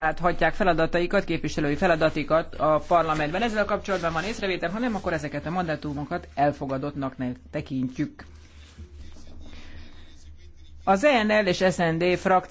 láthatják feladataikat, képviselői feladatikat a parlamentben. Ezzel kapcsolatban van észrevétel, ha nem, akkor ezeket a mandátumokat elfogadottnak ne tekintjük. Az ENL és SND frakció